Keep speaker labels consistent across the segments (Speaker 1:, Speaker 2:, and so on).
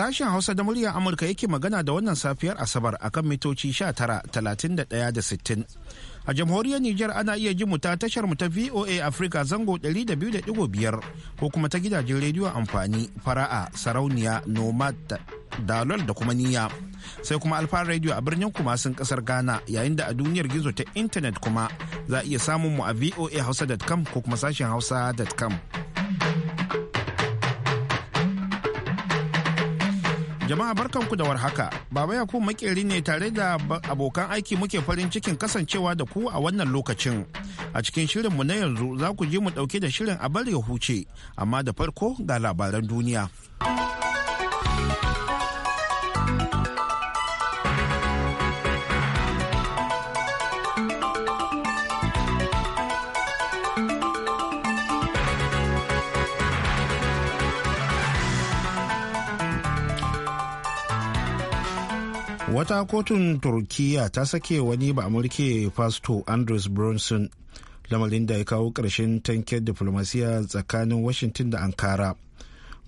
Speaker 1: Sashen Hausa da muryar Amurka yake magana da wannan safiyar Asabar a kan mitoci 19,31 da sittin A jamhuriyar Nijar ana iya ji ta tashar mu ta VOA Africa zango 200.5 ko kuma ta gidajen rediyo amfani fara'a sarauniya nomad dalol da kuma niyya. Sai kuma alfa rediyo a birnin kumasin kasar Ghana yayin da a duniyar gizo ta intanet kuma za a iya samun mu a VOA hausa.com ko kuma sashen hausa.com. Jama'a barkanku da warhaka. Baba Yakubu makeri ne tare da abokan aiki muke farin cikin kasancewa da ku a wannan lokacin. A cikin shirin mu na yanzu za ku ji mu dauke da shirin a bari ya huce, amma da farko ga labaran duniya. wata kotun turkiyya ta sake wani ba amurke fasto andres bronson lamarin da ya kawo ƙarshen tankin diflomasiya tsakanin washington da ankara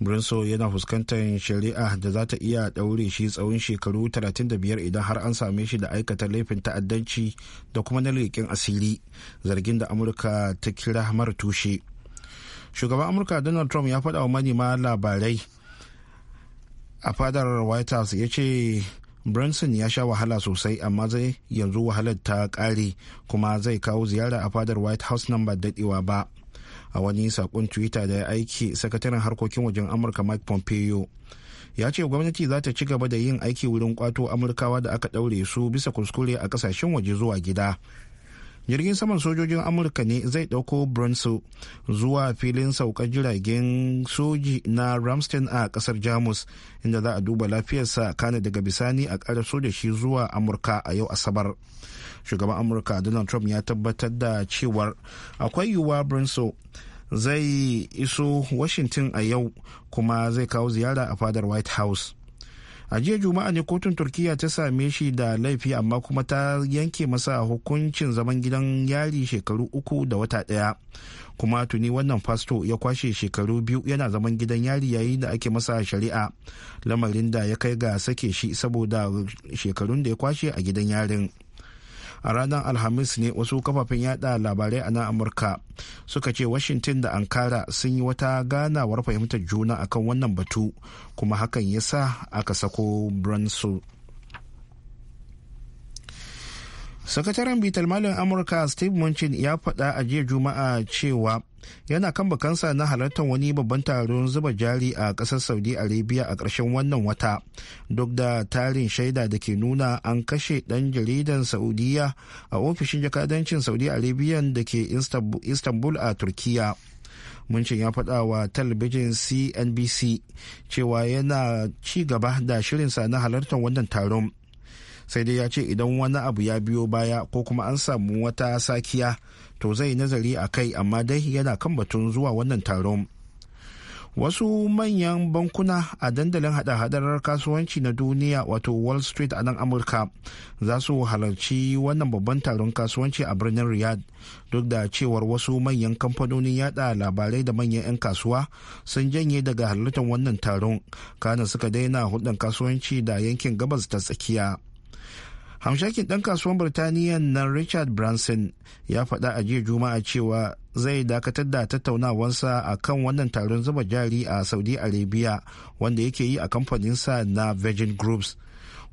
Speaker 1: bronson yana fuskantar shari'a da za ta iya ɗaure shi tsawon shekaru 35 idan har an same shi da aikata laifin ta'addanci da kuma na leƙen asiri zargin da amurka ta kira mara tushe shugaban amurka donald trump ya faɗa wa manema labarai a fadar white house ya ce branson ya sha wahala sosai amma zai yanzu wahalar ta ƙare kuma zai kawo ziyara a fadar white house nan ba daɗewa ba a wani saƙon twitter da ya aiki sakataren harkokin wajen amurka mike pompeo ya ce gwamnati za ta ci gaba da yin aiki wurin kwato amurkawa da aka ɗaure su bisa kuskure a ƙasashen waje zuwa gida jirgin saman sojojin amurka ne zai dauko brunso zuwa filin saukar jiragen soji na ramstein a kasar jamus inda za a duba lafiyarsa kane daga bisani a ƙaraso da shi zuwa amurka a yau asabar shugaban amurka donald trump ya tabbatar da cewar akwai yiwuwa brunso zai iso washington a yau kuma zai kawo ziyara a fadar white house a jiya juma'a ne kotun turkiya ta same shi da laifi amma kuma ta yanke masa hukuncin zaman gidan yari shekaru uku da wata ɗaya kuma tuni wannan fasto ya kwashe shekaru biyu yana zaman gidan yari yayin da ake masa shari'a lamarin da ya kai ga sake shi saboda shekarun da ya kwashe a gidan yarin a ranar alhamis ne wasu kafafen yada labarai a nan amurka suka ce washington da ankara sun yi wata ganawar fahimtar juna akan wannan batu kuma hakan ya sa aka sako branson sakataren bitar malin amurka steve munchin ya faɗa a jiya juma'a cewa yana kan bakansa na halartar wani babban taron zuba jari a ƙasar saudi arabia a karshen wannan wata duk da tarin shaida da ke nuna an kashe ɗan jaridan saudiya a ofishin jakadancin saudi arabia da ke istanbul a turkiya muncin ya faɗa wa talabijin cnbc cewa yana ci gaba da shirinsa na halartar wannan taron sai dai ya ce idan wani abu ya biyo baya ko kuma an samu wata sakiya to zai nazari a kai amma dai yana kan batun zuwa wannan taron wasu manyan bankuna a dandalin hada-hadarar kasuwanci na duniya wato wall street a nan amurka za su halarci wannan babban taron kasuwanci a birnin riyadh duk da cewar wasu manyan kamfanonin yada labarai da manyan 'yan kasuwa sun janye daga halartar wannan taron kana suka daina hudun kasuwanci da yankin gabas ta tsakiya hamshakin ɗan kasuwan birtaniya nan richard branson ya faɗa a jiya juma'a cewa zai dakatar da tattaunawansa a kan wannan taron zuba jari a saudi arabia wanda yake yi a kamfaninsa na virgin groups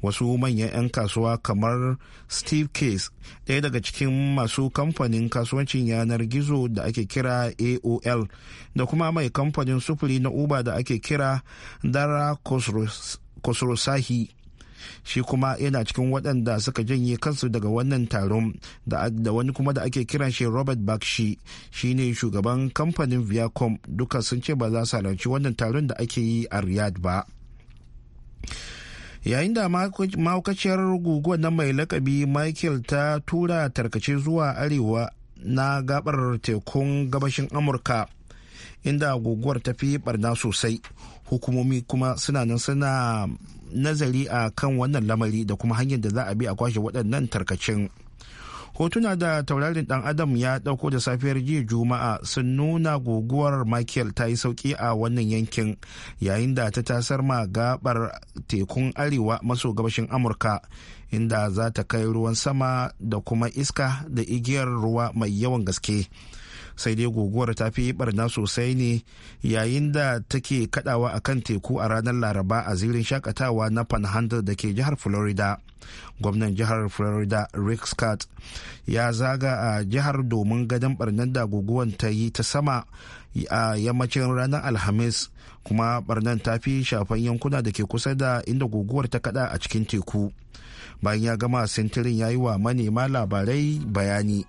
Speaker 1: wasu manyan 'yan kasuwa kamar steve case ɗaya daga cikin masu kamfanin kasuwancin yanar gizo da ake kira aol da kuma mai kamfanin sufuri na uber da ake kira dara kosrosahi shi kuma yana cikin waɗanda suka janye kansu daga wannan taron da wani kuma da ake kiran shi robert bakshi ne shugaban kamfanin viacom duka sun ce ba za su halarci wannan taron da ake yi a riyad ba yayin da mahaukaciyar guguwar na mai lakabi michael ta tura tarkace zuwa arewa na gabar tekun gabashin amurka inda guguwar ta fi barna sosai hukumomi kuma suna nan suna nazari a kan wannan lamari da kuma hanyar da za a bi a kwashe waɗannan tarkacin hotuna da taurarin dan adam ya ɗauko da safiyar jiya juma'a sun nuna guguwar michael ta yi sauki a wannan yankin yayin da ta tasar ma gabar tekun arewa maso gabashin amurka inda za ta kai ruwan sama da kuma iska da igiyar ruwa mai yawan gaske. sai dai guguwar ta fi barna sosai ne yayin da take kadawa a kan teku a ranar laraba a zirin shakatawa na panhandle da ke jihar florida gwamnan jihar florida rick scott ya zaga a jihar domin gadon barnar da guguwan ta yi ta sama a yammacin ranar alhamis kuma barnar ta fi shafan yankuna da ke kusa da inda guguwar ta kada a cikin teku bayan ya gama sintirin ya yi wa manema labarai bayani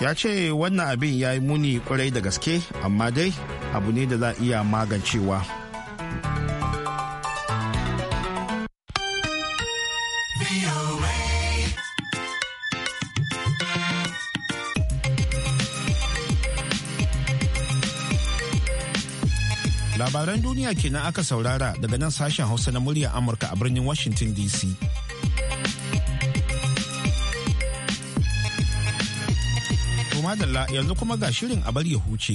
Speaker 1: ya ce wannan abin ya yi muni kwarai da gaske amma dai abu ne da za a iya magancewa Labaran duniya kenan aka saurara daga nan sashen Hausa na muryar Amurka a birnin Washington DC. madalla yanzu kuma ga shirin a bar ya huce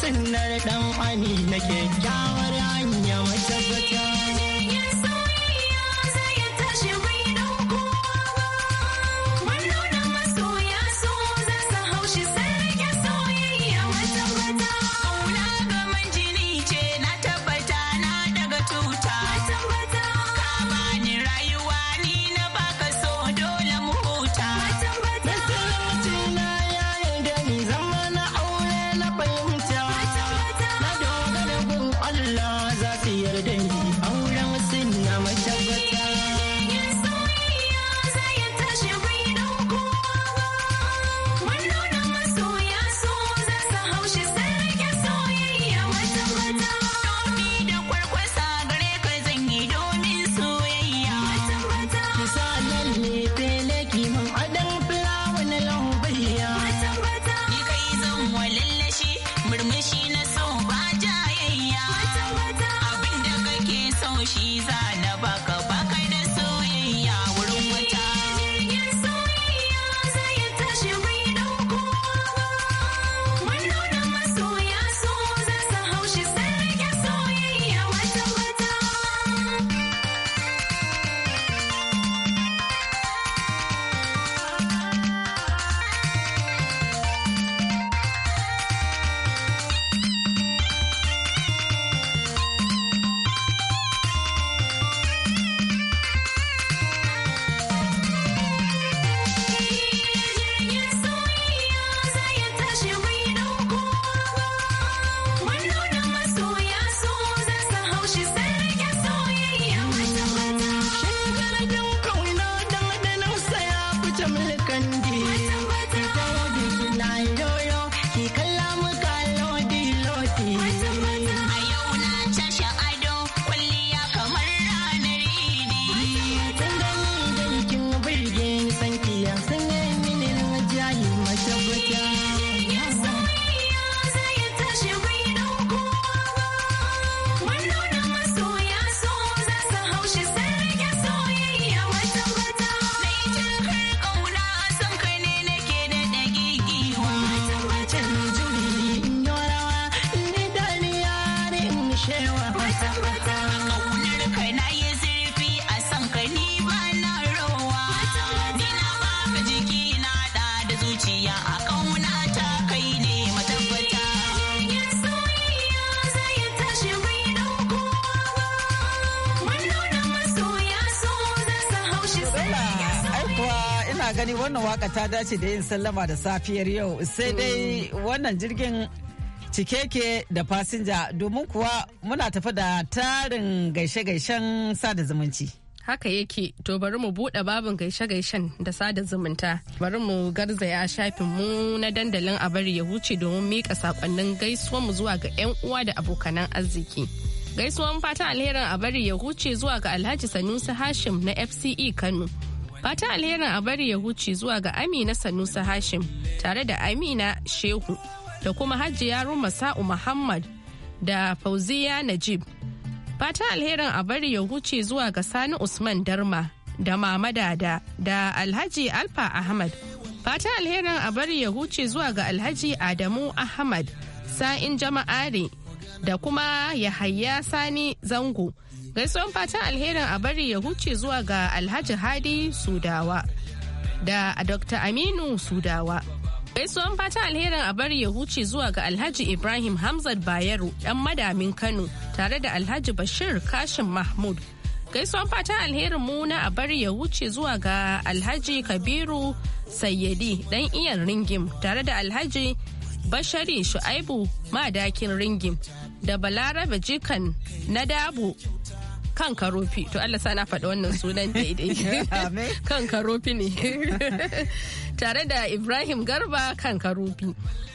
Speaker 2: sunnar dan amina kyakkyawar hanya matabbata
Speaker 3: gani wannan waka ta dace da yin sallama da safiyar yau sai dai wannan jirgin cikeke da fasinja domin kuwa muna tafi da tarin gaishe-gaishen sada zumunci.
Speaker 4: Haka yake, to bari mu buɗe babin gaishe-gaishen da sada zumunta. Bari mu garzaya shafin mu na dandalin a bari ya huce domin miƙa saƙonnin mu zuwa ga 'yan uwa da abokanan arziki. Gaisuwan fatan alherin a bari ya huce zuwa ga Alhaji Sanusi Hashim na FCE Kano. Fata alherin a bari ya huce zuwa ga Amina Sanusa Hashim tare da Amina Shehu da kuma Hajiya Ruma Sa'u Muhammad da Fauziya Najib. Fata alherin a bari ya huce zuwa ga Sani Usman Darma da Mama Dada da Alhaji Alfa Ahmad. Fata alherin a bari ya huce zuwa ga Alhaji Adamu Ahmad sa'in jama'ari da kuma Yahaya Sani Zango. Gaisuwan fatan alherin a bari ya huce zuwa ga Alhaji Hadi Sudawa da Dr. Aminu Sudawa. Gaisuwan fatan alherin a bari ya huce zuwa ga Alhaji Ibrahim Hamzat Bayero ɗan madamin Kano tare da Alhaji Bashir Kashim Mahmud. Gaisuwan fatan alherin mu na a bari ya huce zuwa ga Alhaji Kabiru Sayyadi dan iyan Ringim tare da Alhaji Bashari Shu'aibu madakin Ringim da Balarabe Jikan na Dabo kan karofi to Allah sa na faɗi wannan sunan daidai kan karofi ne tare da Ibrahim Garba kan karofi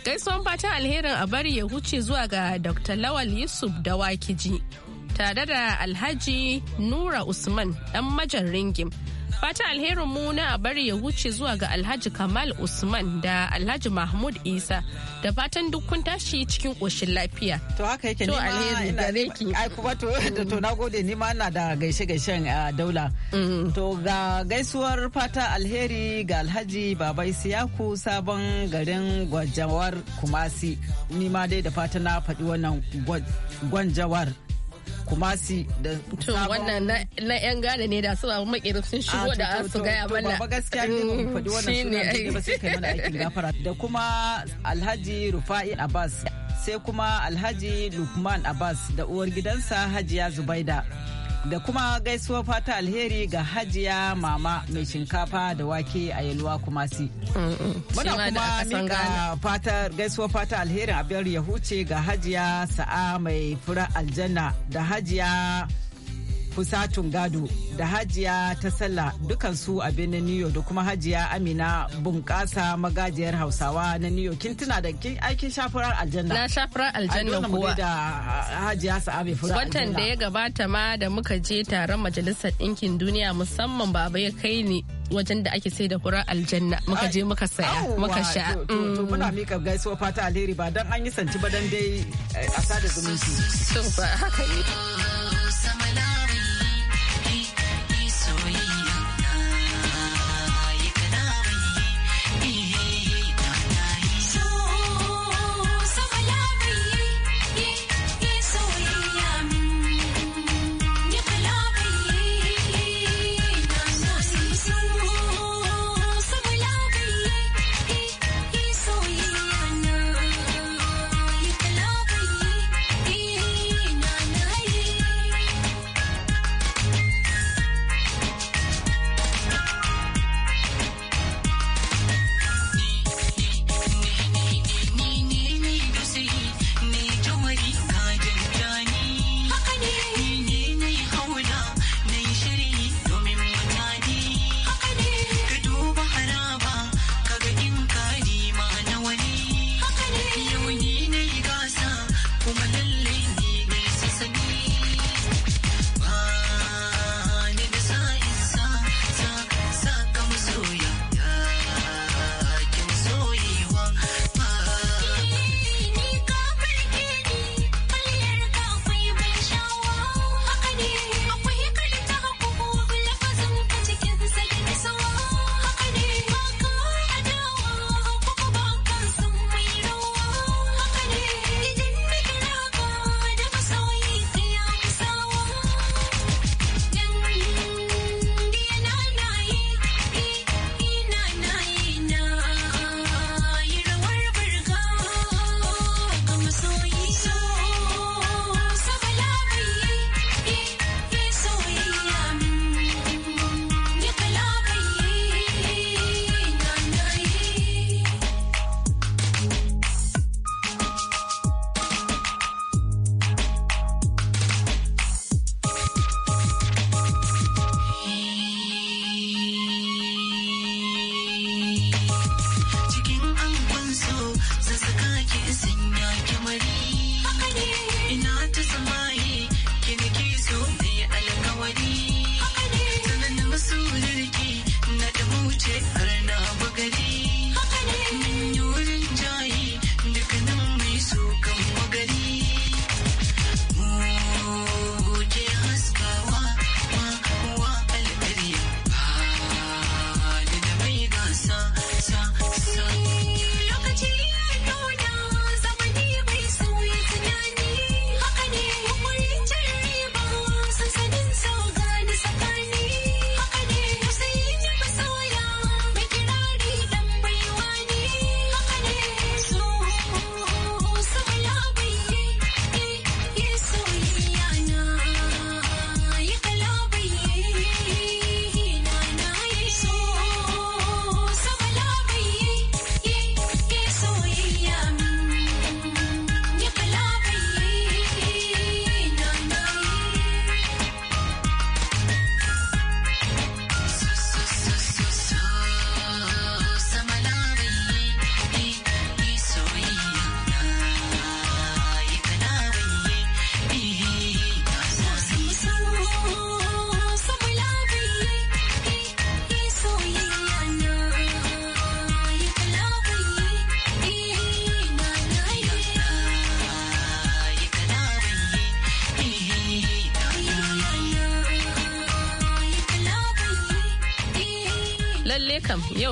Speaker 4: gaisuwan fatan alherin a bari ya huce zuwa ga Dr. Lawal Yusuf da Wakiji tare da Alhaji Nura Usman dan majan ringim Fata alherin mu na bari ya wuce zuwa ga Alhaji Kamal Usman da Alhaji Mahmud Isa da fatan duk kun tashi cikin koshin lafiya. To haka yake ni
Speaker 3: ma ina ai kuma to to na gode ni ma ina da gaishe gaishen daula. Mm-hmm. To ga gaisuwar fata alheri ga Alhaji Baba Isiyaku sabon garin Gwajawar Kumasi. Ni ma dai da fata na faɗi wannan Gwanjawar. kumasi da wannan
Speaker 4: na yan gane ne da su ba makirin sun ah, shigo da su gaya mana ba gaskiya ne ba fadi wannan sunan ba sai kai mana aikin gafara
Speaker 3: da kuma Alhaji Rufa'i Abbas sai kuma Alhaji Lukman Abbas da uwar gidansa Hajiya Zubaida da kuma gaisuwar fata alheri ga hajiya mama mai shinkafa da wake a yalwa kumasi. Muna kuma mika fata gaisuwar fata alherin biyar ya huce ga hajiya sa'a mai fura aljanna da hajiya Fusatun Gado da Hajiya ta Sallah dukansu a birnin New York da kuma Hajiya Amina Bunƙasa magajiyar Hausawa na New York. Kin tuna da kin aikin shafurar aljanna. Na shafurar aljanna kuwa. da Hajiya Sa'abi Fura. Watan da ya
Speaker 4: gabata ma da muka je taron Majalisar Ɗinkin Duniya musamman baba ya kai ni wajen da ake sai da furar aljanna muka je muka saya muka sha.
Speaker 3: To muna mm. mika gaisuwa fata alheri ba dan an yi santi ba dan dai eh, a sada zumunci. To ba haka ne.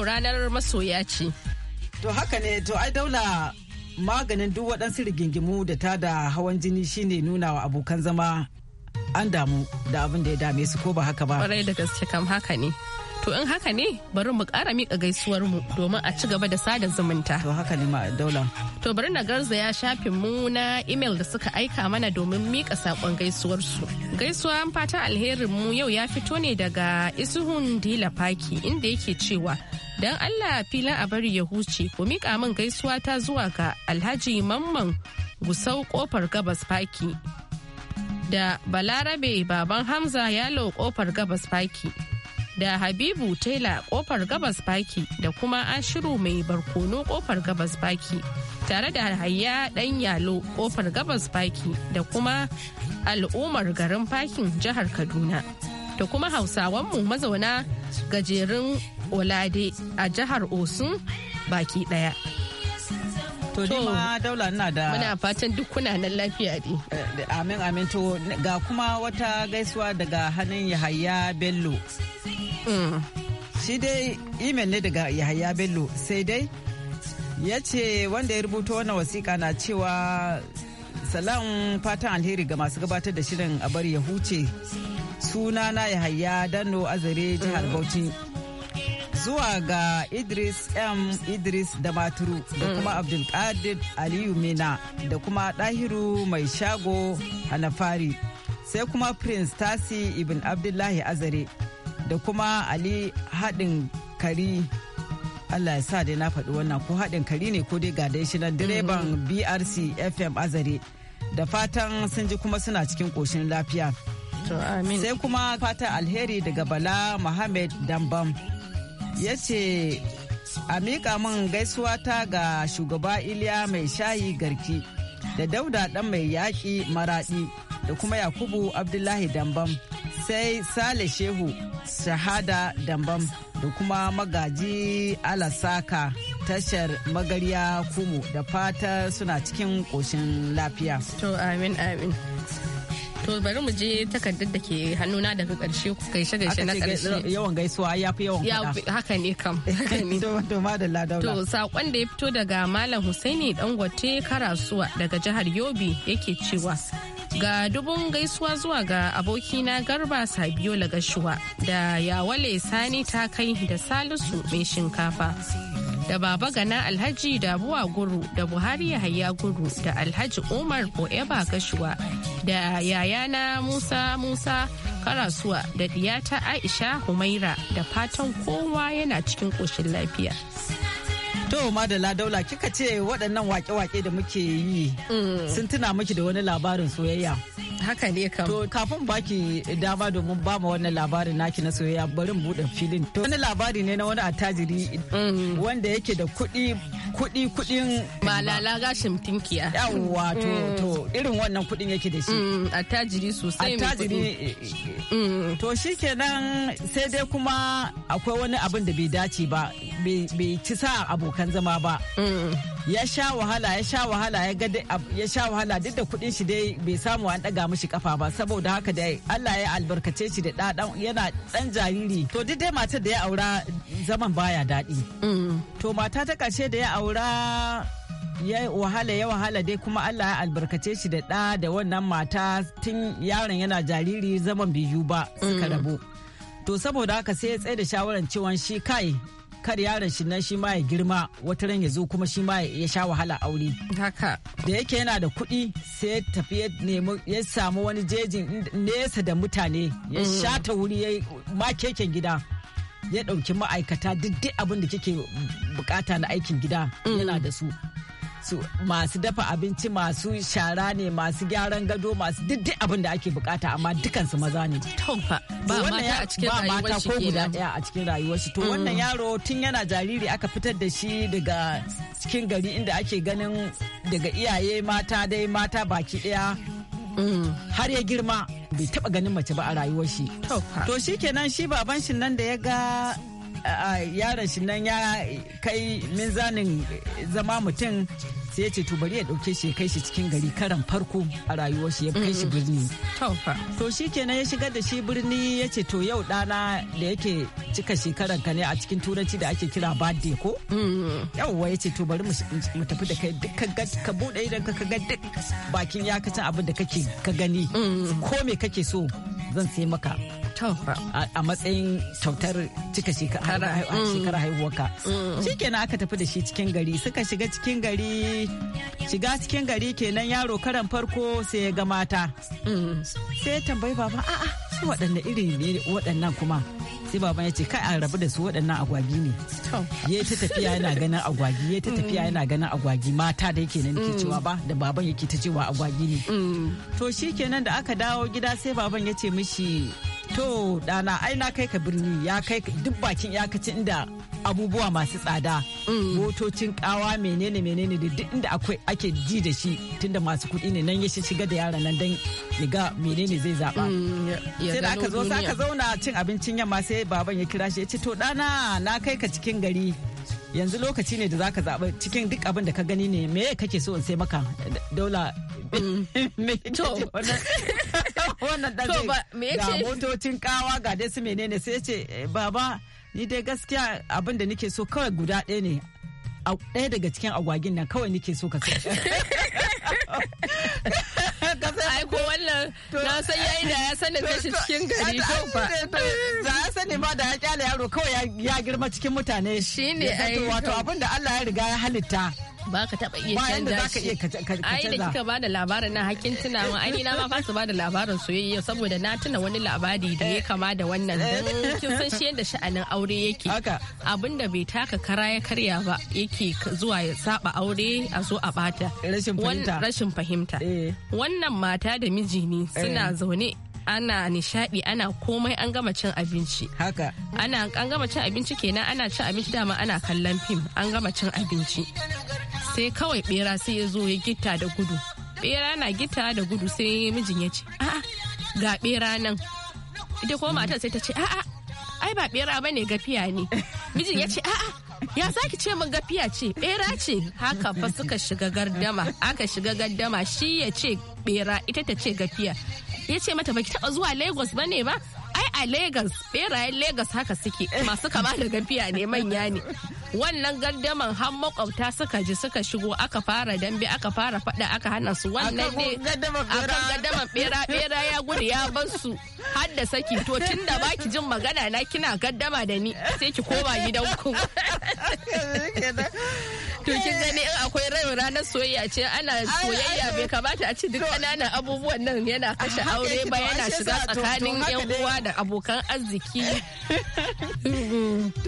Speaker 4: ranar masoya ce.
Speaker 3: To haka ne to ai daula maganin duk waɗansu rigingimu da ta da hawan jini shine nuna wa abokan zama an damu da abin da ya dame su ko ba haka ba. Kwarai da gaske kam haka ne.
Speaker 4: To in haka ne bari mu ƙara miƙa gaisuwar mu domin a ci gaba da sada zumunta. To haka
Speaker 3: ne ma daula.
Speaker 4: To bari na garza ya shafin mu na imel da suka aika mana domin miƙa saƙon gaisuwar su. Gaisuwan fata alherin mu yau ya fito ne daga Isuhun Dila Faki inda yake cewa don Allah filin a bari ya huce ku miƙa min gaisuwa ta zuwa ga Alhaji Mamman Gusau kofar gabas faki da Balarabe baban Hamza Yalo kofar gabas faki da Habibu Taila kofar gabas faki da kuma Ashiru mai barkono kofar gabas faki tare da Hayya dan Yalo kofar gabas faki da kuma al'ummar garin fakin jihar Kaduna da kuma hausawanmu mazauna gajerun olade a jihar osun baki daya
Speaker 3: to ma daula ina da muna fatan duk kuna nan lafiya ne eh, amin amin to ga kuma wata gaisuwa daga hannun yahaya bello mm. shi dai email ne daga yahaya bello sai dai ya ce wanda ya rubuta wannan wasiƙa na cewa salam fatan alheri ga masu gabatar da shirin a bari ya huce suna na yahaya dano azare jihar mm. bauchi zuwa ga Idris M. Idris da Maturu mm. da kuma Abdulkadir Aliyu Mina da kuma Dahiru Mai Shago Hanafari sai kuma Prince Tasi Ibn Abdullahi Azare da kuma Ali Haɗin Kari Allah ya sa dai na faɗi wannan ko haɗin kari ne ko dai ga shi na direban mm. BRC FM Azare da fatan sun ji kuma suna cikin ƙoshin lafiya. Sai kuma fatan alheri daga Bala Muhammad Dambam. ya ce a miƙa min gaisuwa ta ga shugaba iliya mai shayi garki da dauda ɗan mai yaƙi maraɗi da kuma yakubu abdullahi dambam sai sale shehu shahada dambam da kuma magaji alasaka tashar magarya kumu da fata suna cikin ƙoshin lafiya to amin amin
Speaker 4: to bari mu je takardar da ke hannuna daga karshe ku kai shaga shi na karshe yawan
Speaker 3: gaisuwa ya fi yawan kada haka ne kam to madalla daula to sakon da ya fito daga
Speaker 4: malam Husaini Dangote Karasuwa daga jihar Yobe yake cewa ga dubun gaisuwa zuwa ga abokina garba sabiyo lagashuwa da yawale sani ta kai da salisu mai shinkafa da Baba Gana Alhaji dabuwa Guru da Buhari Yahaya Guru da Alhaji Umar oeba Gashuwa da yayana Musa Musa Karasuwa da diyata Aisha Humaira da fatan kowa yana cikin koshin lafiya.
Speaker 3: To da ladaula kika ce waɗannan wake-wake da muke yi mm. sun tuna miki da wani labarin soyayya. haka ne kam to kafin baki dama domin ba ma wannan labarin naki na soyayya barin buɗe filin to wani labari ne na wani attajiri mm. wanda yake da kuɗi kuɗi kuɗin ba lala gashin tinkiya yawwa to mm. to irin wannan kuɗin yake da shi mm, attajiri sosai attajiri eh, eh, eh, mm. to shikenan sai dai kuma akwai wani abin da bai dace ba bai ci sa abokan zama ba ya sha wahala ya sha wahala ya ga ya sha wahala duk da kuɗin shi dai bai samu an ɗaga mishi kafa ba saboda haka dai Allah ya albarkace shi da ɗan yana ɗan jariri to duk dai matar da ya aura zaman baya daɗi to mata ta ƙarshe da ya aura aura ya wahala ya wahala dai kuma Allah ya albarkace shi da ɗa da wannan mata tun yaron yana jariri zaman biyu ba suka mm. rabu. To saboda haka sai ya tsaye da shawaran cewa shi kai kar yaron shi nan shi ma ya girma wata ran ya zo kuma shi ma ya sha wahala aure. Haka. Da yake yana da kuɗi sai ya tafi ya nemi samu wani jejin nesa da mutane ya mm. sha ta wuri ya ma keken gida. ya ɗauki ma'aikata duk abin da kike bukata na aikin gida yana mm. da su masu dafa abinci masu shara ne masu gyaran gado masu duk abin da ake bukata amma dukansu maza ne ba mata a cikin rayuwar ba mata ko guda daya a cikin rayuwar shi to mm. wannan yaro tun yana jariri aka fitar da shi daga cikin gari inda ake ganin daga iyaye mata dai mata baki daya har ya girma bai taba ganin mace ba a rayuwar shi to shi kenan shi baban shi nan da ya ga Yaran shi nan ya kai min minzanin zama mutum sai ya ce to bari ya dauke shi ya kai shi cikin gari karan farko a rayuwar shi ya kai shi birni to shi kenan ya shigar da shi birni ya ce to yau dana da yake cika shekaran ka ne a cikin turanci da ake kira birthday ko yawwa ya ce to bari mu tafi da kai duk ka bude idan ka ga duk bakin yakacin abin da kake ka gani mm. ko me kake so zan sai maka a matsayin kyautar cika shekara mm. haihuwarka mm. shi kenan aka tafi da shi cikin gari suka shiga cikin gari shiga cikin gari kenan yaro karan farko sai ya ga mata mm. sai ya tambayi baba a'a su waɗanne iri ne waɗannan kuma sai baban ya ce kai a rabu da su waɗannan agwagi ne ya ta tafiya yana ganin agwagi ya ta tafiya yana ganin agwagi mata da yake nan ke cewa ba da baban yake ta cewa agwagi ne to shi kenan da aka dawo gida sai baban ya ce mishi to dana ai na kai ka birni ya kai duk bakin yakacin inda abubuwa masu tsada mm. motocin kawa menene menene da duk inda akwai ake ji da shi tunda masu kuɗi ne nan ya shiga da yaran nan dan ni ga menene zai zaba mm, sai da aka zo sai aka zauna cin abincin yamma sai baban ya kira shi ya ce to dana na kai ka cikin gari yanzu lokaci ne da zaka zaba cikin duk abin da ka gani ne me kake so in sai maka dola mm. to wannan da zai ga motocin kawa ga dai su menene sai ce eh, baba ni dai gaskiya abin da nake so kawai guda ɗaya ne ɗaya daga cikin agwagin nan kawai nake so ka sai ai ko wannan na san yayi da ya sanin tashi cikin gari ko fa za a sani ba da ya kyale yaro kawai ya girma cikin mutane shine ai wato abin da Allah ya riga ya halitta ba ka taba iya canza shi ai da kika
Speaker 4: da labarin na hakkin tunawa ai ni na ma fasa da labarin soyayya saboda na tuna wani labari da ya kama da wannan eh. kin san shi yadda sha'anin aure yake abinda bai taka kara ya karya ba yake zuwa ya saba aure a zo a bata rashin fahimta eh. wannan mata da miji ne suna eh. zaune ana nishadi ana komai an gama cin abinci haka ana an gama cin abinci kenan ana cin abinci dama ana kallon fim an gama cin abinci sai kawai bera sai ya zo ya gita da gudu bera na gita da gudu sai mijin ya ce a'a ga bera nan ita kuma matar sai ta ce a'a ai ba bera bane gafiya ne mijin ya ce a'a ya zaki ce mun gafiya ce bera ce haka fa suka shiga gardama aka shiga gardama shi ya ce bera ita ta ce gafiya ya ce mata baki taba zuwa lagos ba ne ba ai a lagos berayen lagos haka suke masu kama da gafiya ne manya ne wannan gardaman har makwabta suka ji suka shigo aka fara dambe aka fara fada aka hana su wannan ne akan gardaman bera bera ya gudu ya bar su har da saki to tun da baki jin magana na kina gardama da ni sai ki koma gidan ku to kin gani akwai yau ranar soyayya ce ana soyayya bai kamata a ci duk ƙananan abubuwan nan yana kashe aure ba yana shiga tsakanin yan uwa
Speaker 3: da abokan arziki.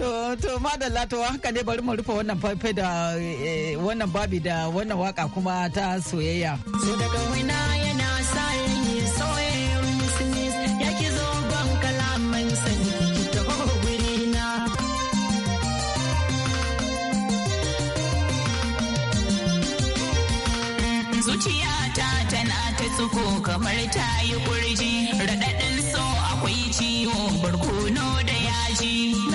Speaker 3: To to madalla to haka ne bari mu rufe wannan faifai da eh, wannan babi da wannan waka kuma ta soyayya.
Speaker 5: zuciyata tana ta tsuko kamar ta yi kurji raɗaɗin so akwai ciwo barkono da yaji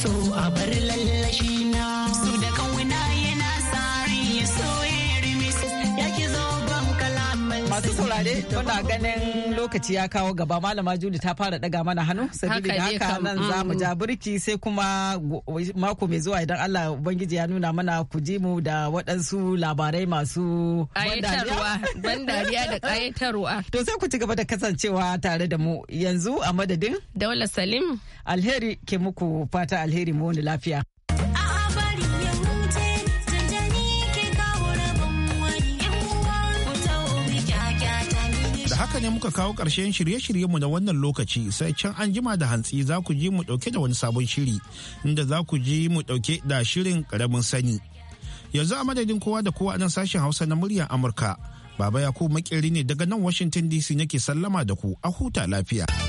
Speaker 5: so a bar lalle
Speaker 3: tare muna ganin lokaci ya kawo gaba malama Juli ta fara daga mana hannu sabili da haka nan za mu mm. ja birki sai kuma mako mai zuwa idan Allah ubangiji ya nuna mana ku ji mu da waɗansu labarai masu bandariya da ƙayatarwa To sai ku ci gaba da kasancewa tare da mu yanzu a madadin Daula Salim alheri ke muku fata alheri mu wani lafiya.
Speaker 1: haka ne muka kawo ƙarshen shirye-shiryenmu na wannan lokaci sai can an jima da hantsi za ku ji mu ɗauke da wani sabon shiri inda za ku ji mu ɗauke da shirin ƙaramin sani. Yanzu a madadin kowa da kowa nan sashen Hausa na muryar Amurka. Baba Yakubu makeri ne daga nan Washington DC nake sallama da ku a huta lafiya.